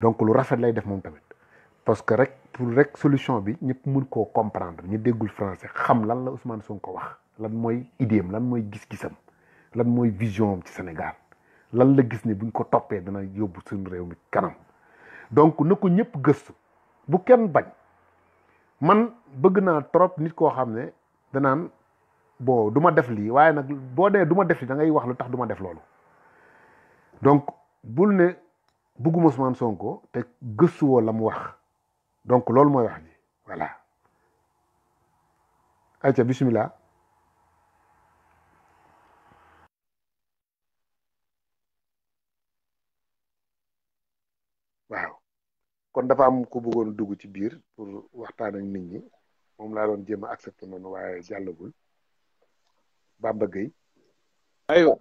donc lu rafet lay def moom tamit parce que rek pour rek solution bi ñëpp mun koo comprendre ñu déggul français xam lan la Ousmane ko wax lan mooy idéem lan mooy gis-gisam lan mooy vision am ci Sénégal lan la gis ne buñ ko toppee dana yóbbu suñu réew mi kanam donc na ko ñëpp gëstu bu kenn bañ man bëgg naa trop nit koo xam ne danaan boo du ma def lii waaye nag boo nee duma def lii dangay wax lu tax duma def loolu donc bul ne. bëgguma Ousmane Sonko te gëstuwoo la mu wax donc loolu mooy wax ji voilà ayca bismillah waaw kon dafa am ku bëggoon dugg ci biir pour waxtaan ak nit ñi moom laa doon jéem a accepté noonu waaye jàllagul Bamba Gueye aywa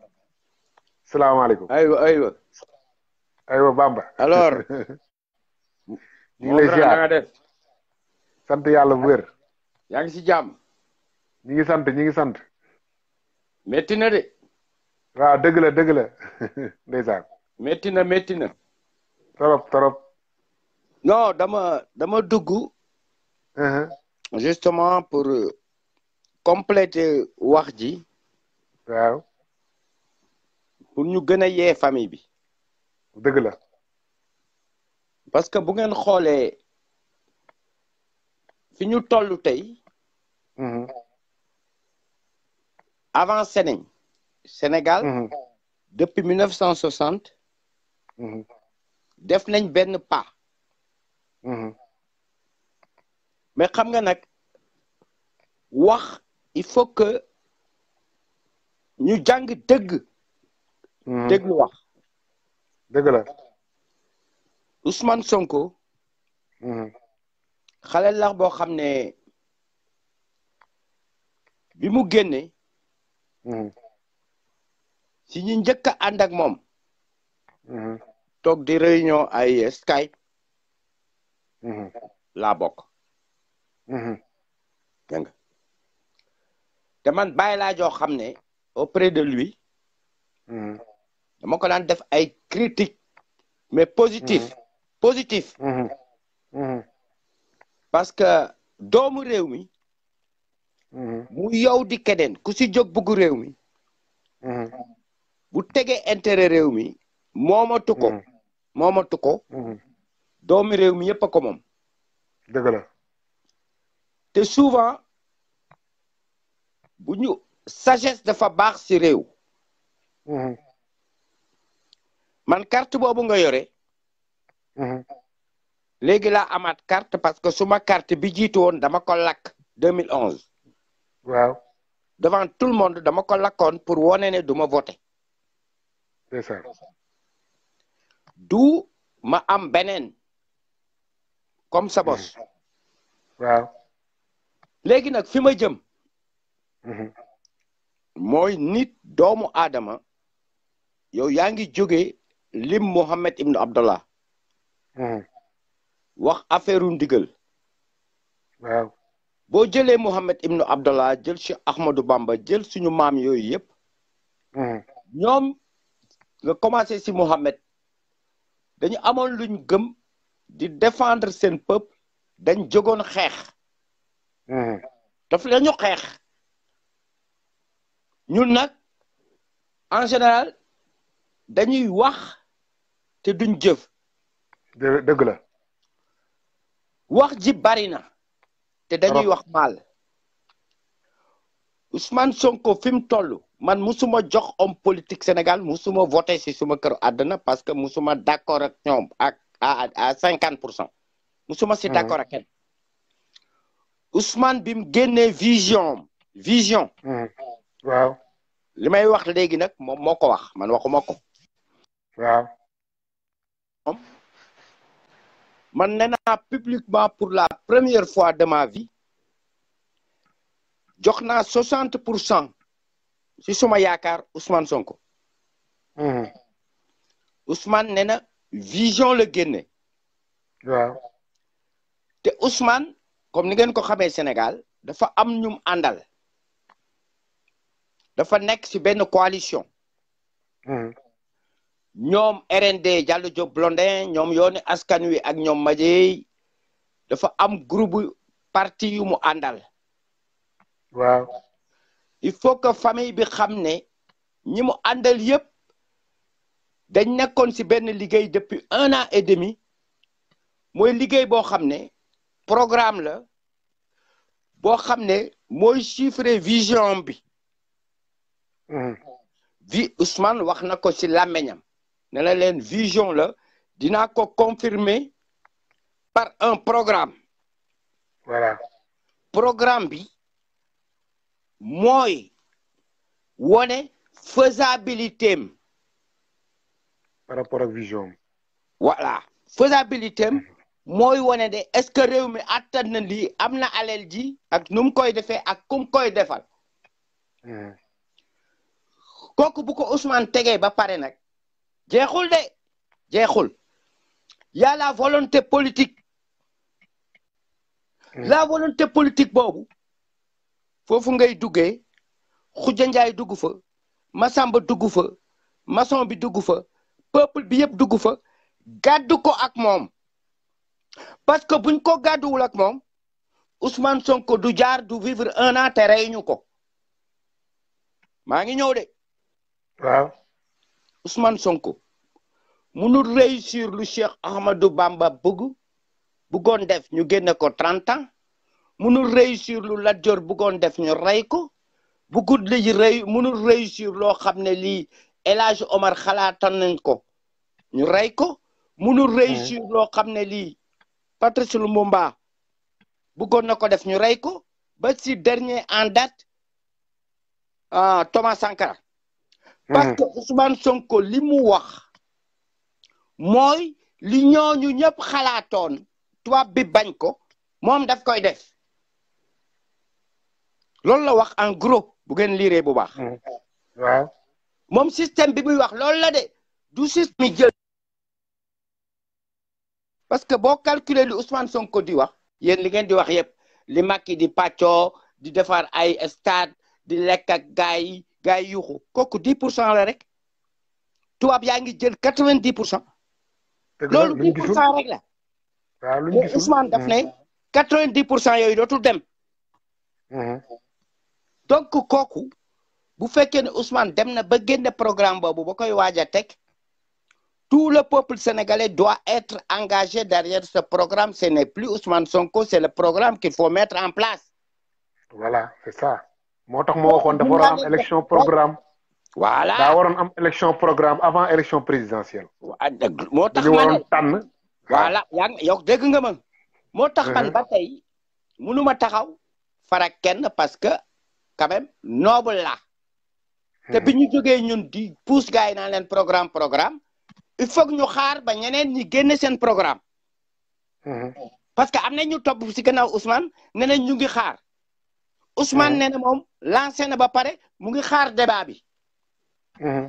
salaamaaleykum aywa aywa aywa Bamba. alors. ñu ngi nga def. sant yàlla wér. yaa ngi si jàmm. ñu ngi sant ñu ngi sant. métti na de. waaw dëgg la ndeysaan. métti na métti na. torop torop. dama dama dugg. Uh-huh. justement pour euh, compléter wax ji. waaw. pour ñu gën a yee famille bi. dëgg la. parce que bu ngeen xoolee fi ñu tollu tey. Mm-hmm. avancé nañ. Sénégal. Mm-hmm. depuis mille neuf mm-hmm. def nañ benn pas. mais xam nga nag wax il faut que ñu jàng dëgg. déglu wax. dëgg la Sonko. Mhm. xale lax boo xam ne bi mu génne. Mhm. si ñi njëkk a ànd moom. Mhm. toog di réunion ay Skype. laa bokk. dégg nga te man bàyyi laa joo xam ne auprès de lui. dama ko daan def ay critique mais positif mhm. positif mhm. mhm. parce que doomu réew mi mu yow di keneen ku si jóg bëggu réew mi bu tege intérêt réew mi moomatu ko moomatu ko doomu réew mi yëpp a ko moom te souvent bu ñu sagesse dafa baax si réew man carte boobu nga yore. Mhm. léegi laa amaat carte parce que suma carte bi jiitu woon dama ko lakk 2011. waaw devant tout le monde dama ko lakkoon pour wone ne du ma voté. c'est du ma am beneen comme sa bos. Mhm. waaw. léegi nag fi ma jëm. Mhm. mooy nit doomu aadama yo yaa ngi jóge lim Mohammed ibnu Abdallah. Hmm. wax affaire u ndigal. waaw boo jëlee Mohammed ibnu Abdallah jël Cheikh Ahmadou Bamba jël suñu maam yooyu yëpp. Hmm. ñoom nga commencé si Mohammed dañu amoon luñ gëm di défendre seen peuple dañ jógoon xeex. Hmm. daf la xeex. ñu nag en général dañuy wax te duñ jëf. dëgg la. wax ji bari na. te dañuy wax mal Ousmane Sonko fi mu toll man musuma jox homme politique Sénégal musuma voté si suma kër àdduna parce que musuma d' accord ak ñoom ak à cinquante pour cent musuma si mmh. d' accord kenn. Ousmane bi mu génnee vision vision. Mmh. waaw. li may wax léegi nag moom moo ko wax man waxuma ko. moom man nee naa publiquement pour la première fois de ma vie jox naa soixante pour cent si suma yaakaar Ousmane Sonko. Hmm. Ousmane nee na vision le génne. te Ousmane comme ni ngeen ko xamee Sénégal dafa am ñum àndal dafa nekk ci benn coalition. Hmm. ñoom RND Diallo Diop Blondin ñoom yooni askan wi ak ñoom Madièye dafa am groupe parti yu mu àndal. waaw. il faut que famille bi xam ne ñi mu àndal yëpp dañ nekkoon si benn liggéey depuis un an et demi mooy liggéey boo xam ne programme la boo xam ne mooy chiffre vision bi. Mm-hmm. vi Ousmane wax na ko si làmmeñam ne la leen vision la dinaa ko confirmer par un programme. programme bi mooy wone faisabilité am. par voilà faisabilité mooy wone de est-ce que réew mi attan na lii am na alal ji ak nu mu koy defee ak kum koy defal. Hmm. kooku bu ko tegee ba pare nag. jeexul de jeexul y volonté politique la volonté politique boobu foofu ngay duggee Khoudia Ndiaye dugg fa Massamba dugg fa maçon bi dugg fa peuple bi yëpp dugg fa gàddu ko ak moom parce que buñ ko gàdduwul ak moom Ousmane Sonko du jaar du vivre un an te rey ñu ko maa ngi ñëw de waaw Ousmane Sonko munul réussir lu Cheikh Ahmadou Bamba bëgg bëggoon def ñu génne ko 30 ans munul réussir lu Lat Dior bëggoon def ñu rey ko bëggut li rey munul réussir loo xam ne lii El Omar xalaatan nañ ko ñu rey ko. munul réussir loo xam ne lii Patrice Lumumba bëggoon na ko def ñu rey ko ba si dernier en dat ah Thomas Sankara. parce que Sonko li mu wax mooy li ñooñu ñëpp xalaatoon tubaab bi bañ ko moom daf koy def loolu la wax en gros bu ngeen liiree bu baax. Mm. waaw moom système bi muy wax loolu la de du système jël. parce que boo calculer li Ousmane Sonko di wax yéen li ngeen di wax yëpp li maki di pàccoo di defar ay stade di lekk ak gars yi gars yi yuuxu kooku 10 pour cent la rek tubaab yaa ngi jël 90 pour cent. loolu 10 pour cent rek la. waaw lu ne gisul Ousmane daf hmm. pour cent yooyu dootul dem. Hmm. donc kooku bu fekkee ne Ousmane dem na ba génne programme boobu ba koy waaj teg tout le peuple sénégalais doit être engagé derrière ce programme ce n'est plus Ousmane Sonko c'est le programme qu'il faut mettre en place. voilà c'est ça. moo tax moo waxoon dafa waroon am élection programme. voilà daa waroon am élection programme avant élection présidentielle. waaw dëgg moo tax ma waroon tànn. voilà yow dégg nga man. moo tax man ba tey munu ma taxaw farak kenn parce que quand même noble la te bi uh-huh. ñu jógee ñun di pousse gars yi naan leen programme programme. il faut ñu xaar ba ñeneen ñi génne seen programme. Uh-huh. parce que am na ñu topp si gannaaw Ousmane nee nañ ñu ngi xaar. Ousmane ah. nee na moom lancé na ba pare mu ngi xaar débat bi. Mm-hmm.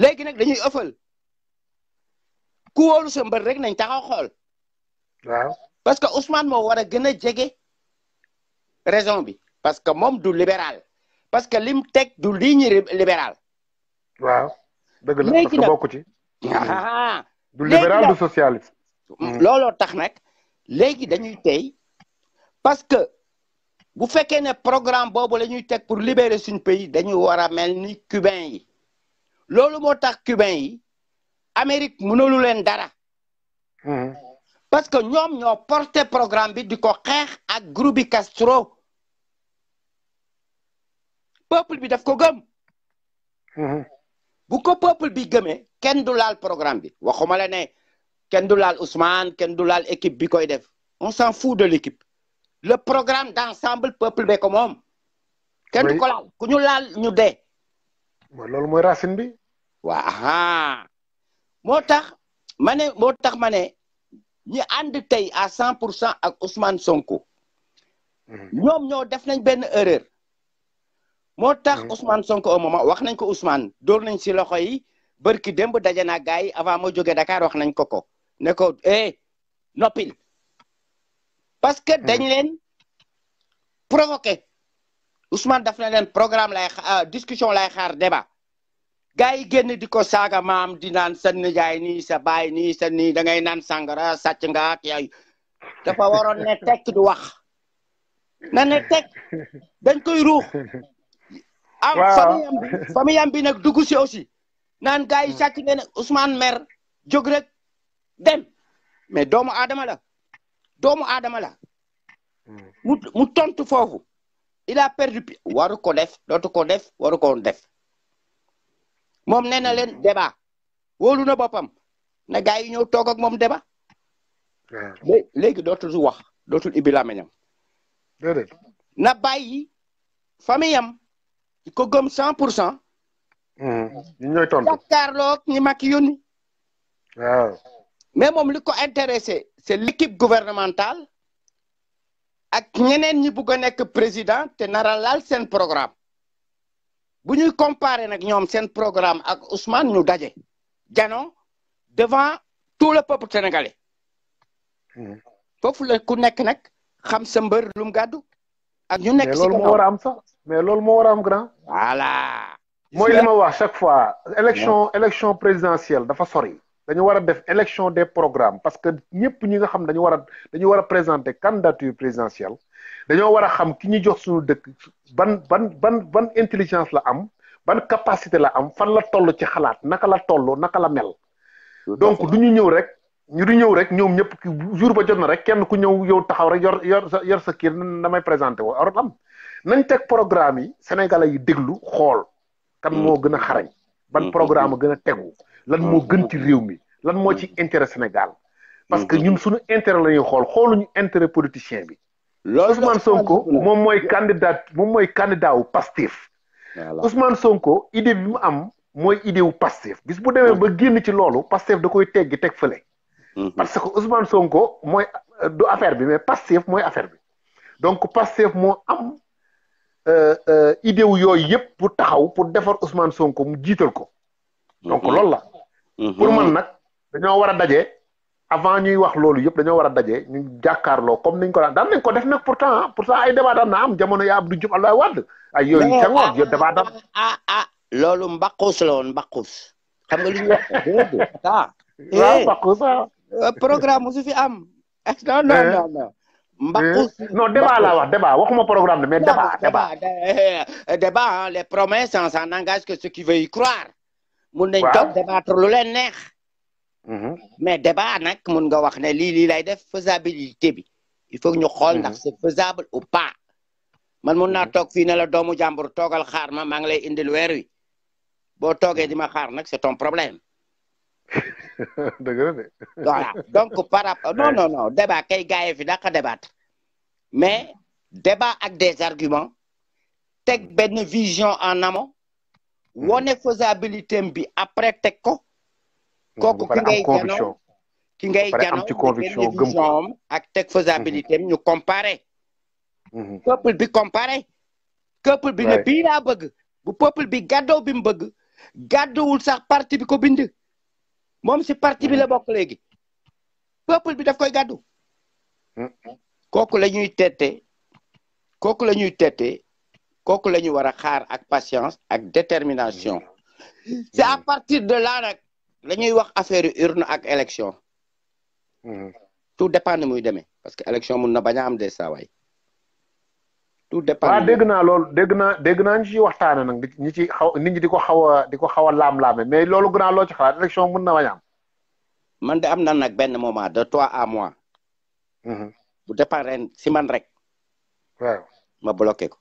léegi nag dañuy ëffal ku wóolu sa mbër rek nañ taxaw xool. parce que Ousmane moo war a gën a jege raison bi parce que moom du libéral parce que lim teg du ligne libéral. waaw dëgg la parce ah. du libéral du socialiste. Mm. tax nag léegi dañuy tey parce que. bu fekkee ne programme boobu la ñuy teg pour libérer suñu pays dañuy war a mel ni cubain yi loolu moo tax cubain yi Amérique mënalu leen dara. Hmm. parce que ñoom ñoo porté programme bi di ko xeex ak groupe bi Castro. peuple bi daf ko gëm. Hmm. bu ko peuple bi gëmee kenn du laal programme bi waxuma la ne kenn du laal Ousmane kenn du laal équipe bi koy def on s'en fout de l'équipe le programme d'ensemble peuple bee ko moom. kenn du ko lal ku ñu laal ñu dee. loolu mooy racine bi. waaw moo tax ma ne moo tax ma ne ñi ànd tey à cent pour cent ak Ousmane Sonko. Mhm. ñoom ñoo def nañ benn erreur. moo tax mhm. Ousmane Sonko au wax nañ ko Ousmane dóor nañ si loxo yi barki démb daje naa gars yi avant ma jógee Dakar wax nañ ko ko ne ko eh, parce que dañ mm-hmm. leen provoqué Ousmane daf na leen programme lay euh, discussion lay xaar débat gars yi génn di ko saaga maam di naan sa nijaay nii sa baay nii sa nii da naan sàngara sàcc nga ak yooyu waroon ne tekk du wax na ne tekk koy ruux am famiyam bi famiyam bi nag dugg si aussi naan gars yi mm. sàcc ngeen Ousmane mer jóg rek dem mais doomu aadama la doomu aadama la. Hmm. mu tontu foofu. il a perdu waru ko def dootu ko def waru ko def. moom nee na leen hmm. débat wóolu na boppam na gars yi ñëw toog ak moom débat. léegi dootul wax dootul ibbi làmmiñam na bàyyi famille am ko gëm cent pour cent. Hmm. ñu ñooy tontu jàkkaarloog ñi mag yónni. mais moom li ko intéressé c'est l'équipe gouvernementale ak ñeneen ñi bugg a nekk président te nara laal seen programme bu ñuy comparer nag ñoom seen programme ak Ousmane ñu daje jano devant tout le peuple sénégalais hmm. foofu la ku nekk nag xam sa mbër lu mu gàddu ak ñu nekk si loolu war am sax mais loolu moo war a am grand voilà mooy li ma wax chaque fois élection élection présidentielle dafa sori dañu war a def élection des programmes parce que ñëpp ñi nga xam dañu war a war a présenter candidature présidentielle dañoo war a xam ki ñu jox suñu dëkk ban ban ban ban intelligence la am ban capacité la am fan la toll ci xalaat naka la toll naka la mel. donc du ñu ñëw rek ñu du ñëw rek ñoom ñëpp jour ba jot na rek kenn ku ñëw yow taxaw rek yor yor sa yor sa kii damay présenté woo war am nañ teg programme yi sénégalais yi déglu xool. kan hmm. moo gën a xarañ. ban hmm, hmm, programme gën a tegu. lan moo gën ci réew mi lan moo ci mm-hmm. intérêt Sénégal parce que mm-hmm. ñun suñu intérêt la ñuy xool xooluñu intérêt politicien bi Ousmane Sonko moom mooy candidat moom mooy candidat wu Pastef Ousmane Sonko idée bi mu am mooy idée wu gis bu demee ba mm-hmm. génn ci loolu Pastef da koy teggi teg fële parce que Ousmane Sonko mooy du affaire bi mais Pastef mooy affaire bi donc Pastef moo am euh, euh, idée wu yooyu yëpp pour taxaw pour defar Ousmane Sonko mu jiital ko donc loolu la Mhm. pour man nag dañoo war a daje avant ñuy wax loolu yëpp dañoo war a daje ñu jàkkaarloo comme niñ ko daan daan nañ ko def nag pourtant pourtant ay débat daan na am jamono yaa Abdou Diouf Abdoulaye Wade ay yooyu Senghor yo débat daan ah ah, ah ah loolu mbaqus la woon mbaqus xam nga li eh, eh, programme su fi am non non eh. non non mbaqus non débat laa wax débat waxuma programme mais débat débat débat les promesses ça n'engage que ceux qui veulent y croire mun nañ toog débattre lu leen neex mm-hmm. mais débat nag mun nga wax ne lii lii lay def faisabilité bi il faut ñu xool ndax mm-hmm. c'est faisable ou pas man mun naa mm-hmm. toog fii ne la doomu jàmbur toogal xaar ma maa ngi lay indil weer wi boo toogee di ma xaar nag c'est ton problème donc par rapport non non débat kay gars yi fi dàq débattre mais débat ak des arguments teg benn vision en amont Mm-hmm. wane faisabilité am bi après teg ko. Mm-hmm. kooku ki ngay janoo ki ngay janoo ci conviction gëm ko ak teg faisabilité am mm-hmm. ñu comparé. peuple bi comparé. peuple bi ne bii bëgg. bu peuple bi gàddoo bi mu bëgg. gàdduwul sax parti bi ko bind. moom si parti bi la bokk léegi. peuple bi daf koy gàddu. kooku la ñuy tette. kooku la ñuy tette. kooku la ñu war a xaar ak patience ak détermination c'est à mm. partir de là nag la ñuy wax affaire na ak élection mm. tout dépend ni muy demee parce que élection mun na bañ a am des saawaay tout dépend waaw dégg naa loolu dégg naa dégg naa ñu waxtaane nag ñi ci xaw nit ñi di ko xaw a di ko xaw a laam-laame mais loolu gën a loo ci xalaat élection mun na bañ a am man de am na nag benn moment de trois à moi mm-hmm. bu dépend ren si man rek waaw ma bloqué ko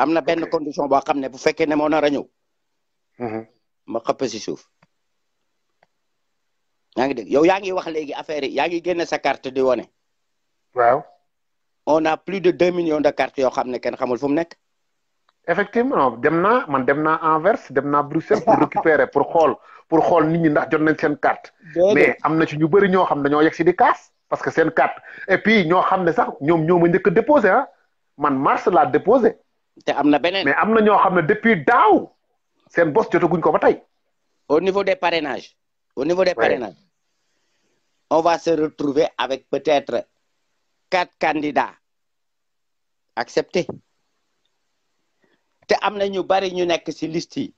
am na benn condition boo xam ne bu fekkee ne moo nar a um ma xëpp si suuf. yaa ngi dégg yow yaa ngi wax léegi affaire yi yaa ngi génne sa carte di wane. waaw. on a plus de deux millions de carte yoo xam ne kenn xamul fu mu nekk. effectivement dem naa man dem naa Anvers dem naa Bruxelles pour récupérer pour xool pour xool nit ñi ndax jot nañ seen carte. mais am na ci ñu bëri ñoo xam dañoo yegg si di kaas. parce que sen carte et puis ñoo xam ne sax ñoom ñoo ma njëkk déposé ah. man mars la dépos te am na beneen mais am na ñoo xam ne depuis daaw seen bos jotaguñ ko ba tey. au niveau des parrainages. au niveau des parrainages. on va se retrouver avec peut-être quatre candidats acceptés te am na ñu bari ñu nekk ci liste yi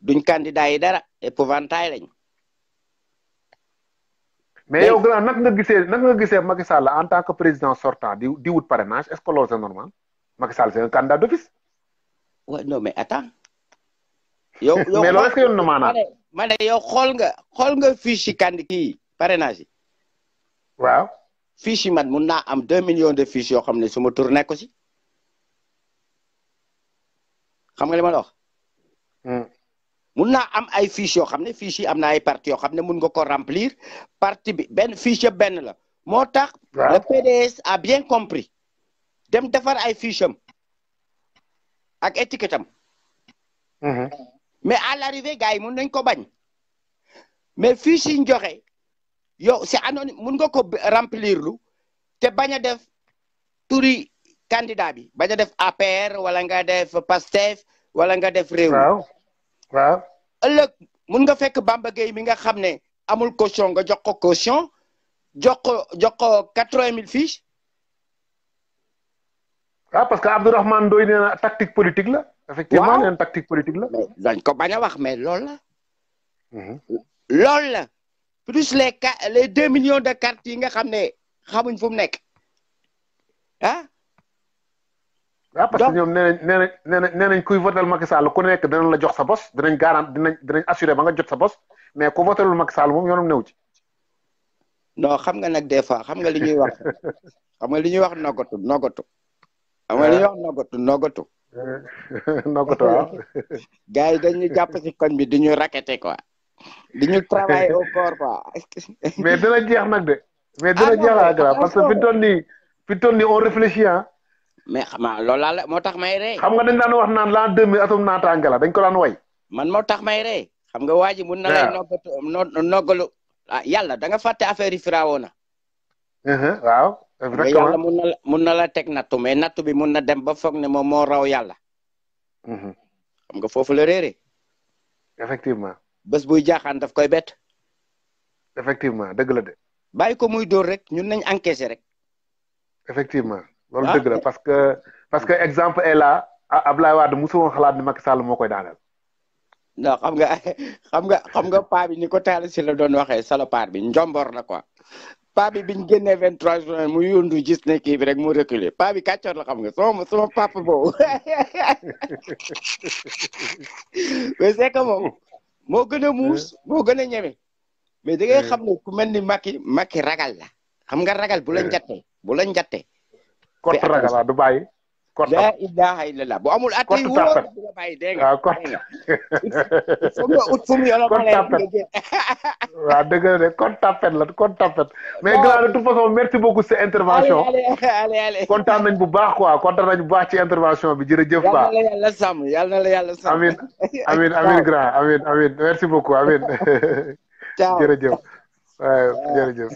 duñ candidats yi dara épouvantail lañ. mais yow grand nag nga gisee nag nga gisee en tant que président sortant di di wut parrainage est-ce que loolu c'est normal. Macky Sall c'est un candidat d'office. waaw mais attends. yow yow mais loolu est yow xool nga xool nga fiche yi candidat kii parrainage yi. waaw. fiche yi mun naa am deux millions de fiches yoo xam ne suma ma tur si. xam nga li ma la wax. Hmm. mun naa am ay fiches yoo xam ne fiches yi am na ay parti yoo xam ne mun nga ko remplir parti bi benn fiche benn la moo tax. le PDS a bien compris. dem defar ay fiche ak étiquette am. Mhm. mais à l'arrivée gars yi mun nañ ko bañ mais fiche yi ñu joxe yow c'est anonyme mun nga ko remplir lu te bañ a def turi candidat bi bañ a def APR wala nga def PASTEF wala nga def réew. waaw mun nga fekk bambagey Gueye mi nga xam ne amul caution nga jox ko caution jox ko jox ko quatre-vingt mille fiches ah parce que Abdourahmane Ndoye nee na tactique politique la. effectivement nee na tactique politique la. dañ ko bañ a wax mais loolu la. Mhm. loolu la plus les cas les deux millions de cartes yi nga xam ne xamuñ fu mu nekk ah. waaw ah, parce que ñoom nee nañ nee nañ nee nañ kuy votel Macky Sall ku nekk dinañ la jox sa bos dinañ garant dinañ dinañ assuré ba nga jot sa bos mais ku votelul Macky Sall moom yoonam newu ci. non xam nga nag des fois xam nga li ñuy wax xam nga li ñuy wax nogatu nogatu. xam nga li ñuy ah. wax noggatu noggatu. noggatu ah. waaw. gars yi dañu jàpp si bi di ñu raqueté quoi. di ñu travail au corps quoi. mais dina jeex nag de. mais dina ah jeex la grave parce que fi mu toll nii fi mu toll nii on mais xam nga loolu la moo tax may rey. xam nga dañ daan wax naan l'an deux mille atum naataange la dañ ko daan way. man moo tax may xam nga waa ji mun na lay noggatu noggalu. ah yàlla da nga fàtte affaire yi firaawoon na. Uh-huh, waaw. exactement mun na la teg nattu mais natu bi mun na dem ba foog ne moom moo raw yàlla. Mhm. xam nga foofu la réeré. effectivement. bés buy jaaxaan daf koy bett. effectivement dëgg la de. bàyyi ko muy dóor rek ñun nañ encaissé rek. effectivement loolu ah. dëgg la parce que parce que exemple ella là ah, Abdoulaye Wade musu woon xalaat ni Macky Sall moo koy daaneel. non xam nga xam nga xam nga paa bi ni ko taal si la doon waxee salopaar bi njomboor la ko paa bi biñ génnee 23 juin mu yóndu gis ne kii bi rek mu reculer paa bi kàccoor la xam nga sama a papa boobu mais c'est moom moo gën a muus eh. moo gën a ñeme. mais da ngay eh. xam ne ku mel ni Macky Macky ragal la xam nga ragal bu la eh. njattee bu la njattee. kott ragal du bàyyi. laa ilaha illallah bu amul at yi wóor nga bàyyi dégg nga fu mu ut fu mu yoroon de kon tapet la kon tapet mais grand de façon merci beaucoup sa intervention kontaan nañ bu baax quoi kontaan nañ bu baax ci intervention bi jërëjëf ba yàlla na la yàlla sàmm yàlla na la yàlla sàmm amin amin amin grand amin amin merci beaucoup amin ciao jërëjëf waaw jërëjëf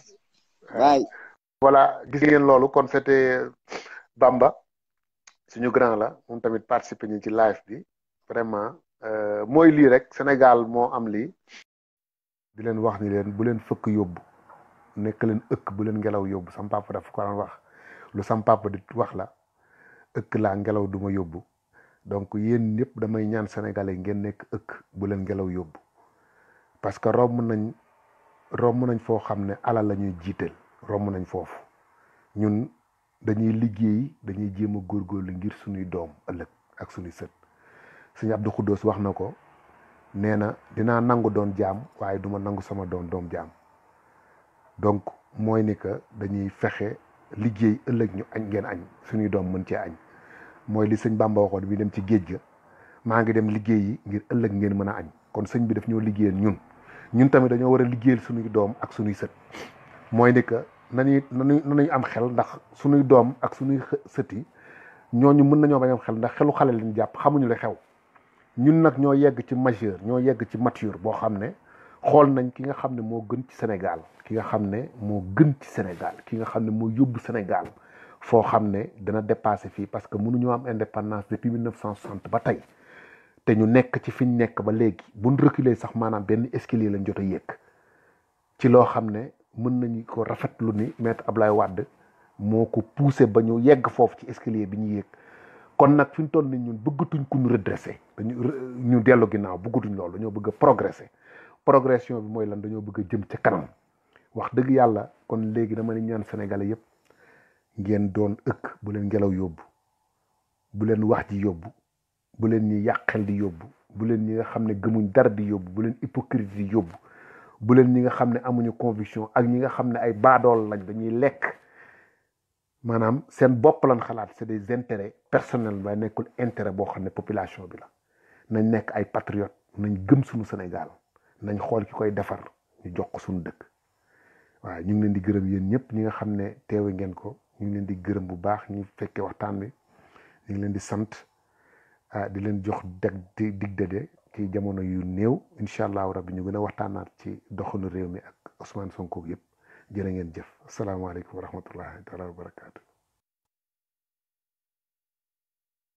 voilà gis ngeen loolu kon c'était Bamba suñu grand la moom tamit participer ñu ci live bi vraiment euh, mooy lii rek Sénégal moo am lii di leen wax ni leen bu leen fëkk yóbbu nekk leen ëkk bu leen ngelaw yóbbu sam papa ko daan wax lu sam papa di wax la ëkk laa ngelaw du ma yóbbu donc yéen ñëpp damay ñaan sénégalais ngeen nekk ëkk bu leen ngelaw yóbbu parce que romb nañ romb nañ foo xam ne alal la ñuy jiital romb nañ foofu ñun dañuy liggéey dañuy jéem a góorgóorlu ngir suñuy doom ëllëg ak suñuy sët sëñ Abdou Khoudous wax na ko nee na dinaa nangu doon jaam waaye duma nangu sama doon doom jaam donc mooy ni que dañuy fexe liggéey ëllëg ñu añ ngeen añ suñuy doom mën cee añ mooy li sëñ Bamba waxoon bi dem ci géej ga maa ngi dem liggéey ngir ëllëg ngeen mën a añ kon sëñ bi daf ñoo liggéeyal ñun ñun tamit dañoo war a liggéeyal suñuy doom ak suñuy sët mooy ni nañuy nañuy nañuy am xel ndax suñuy doom ak suñuy sët yi ñooñu mën nañoo bañ am xel ndax xelu xale lañ jàpp xamuñu la xew ñun nag ñoo yegg ci majeur ñoo yegg ci mature boo xam ne xool nañ ki nga xam ne moo gën ci Sénégal ki nga xam ne moo gën ci Sénégal ki nga xam ne moo yóbbu Sénégal foo xam ne dana dépassé fii parce que mënuñoo am indépendance depuis 1960 ba tey te ñu nekk ci fi ñu nekk ba léegi buñ reculer sax maanaam benn escalier lañ jot a yéeg ci loo xam ne mën nañu ko rafetlu ni maître Ablaye wàdd moo ko poussé ba ñu yegg foofu ci escalier bi ñu yéeg kon nag fi ñu toll ni ñun bëggatuñ ku ñu redressé dañu ñu dellu ginnaaw bëggatuñ loolu dañoo bëgg a progressé progression bi mooy lan dañoo bëgg a jëm ca kanam wax dëgg yàlla kon léegi dama ne ñaan sénégalais yëpp ngeen doon ëkk bu leen ngelaw yóbbu bu leen wax ji yóbbu bu leen ñi yàqel di yóbbu bu leen ñi nga xam ne gëmuñ dara di yóbbu bu leen hypocrite di yóbbu bu leen ñi nga xam ne amuñu conviction ak ñi nga xam ne ay baadool lañ dañuy lekk maanaam seen bopp lañ xalaat c'est des intérêts personnels ba nekkul intérêt boo xam ne population bi la nañ nekk ay patriote nañ gëm suñu Sénégal nañ xool ki koy defar ñu jox ko suñu dëkk waaw ñu ngi leen di gërëm yéen ñëpp ñi nga xam ne teewe ngeen ko ñu ngi leen di gërëm bu baax ñu fekkee waxtaan bi ñu leen di sant ah, di leen jox deg dig daje ci jamono yu néew incha allahu rabbi ñu gën a waxtaanaat ci doxalu réew mi ak Ousmane Sonko yëpp jërë ngeen jëf asalaamaaleykum wa rahmatullahi taala wa barakaatu.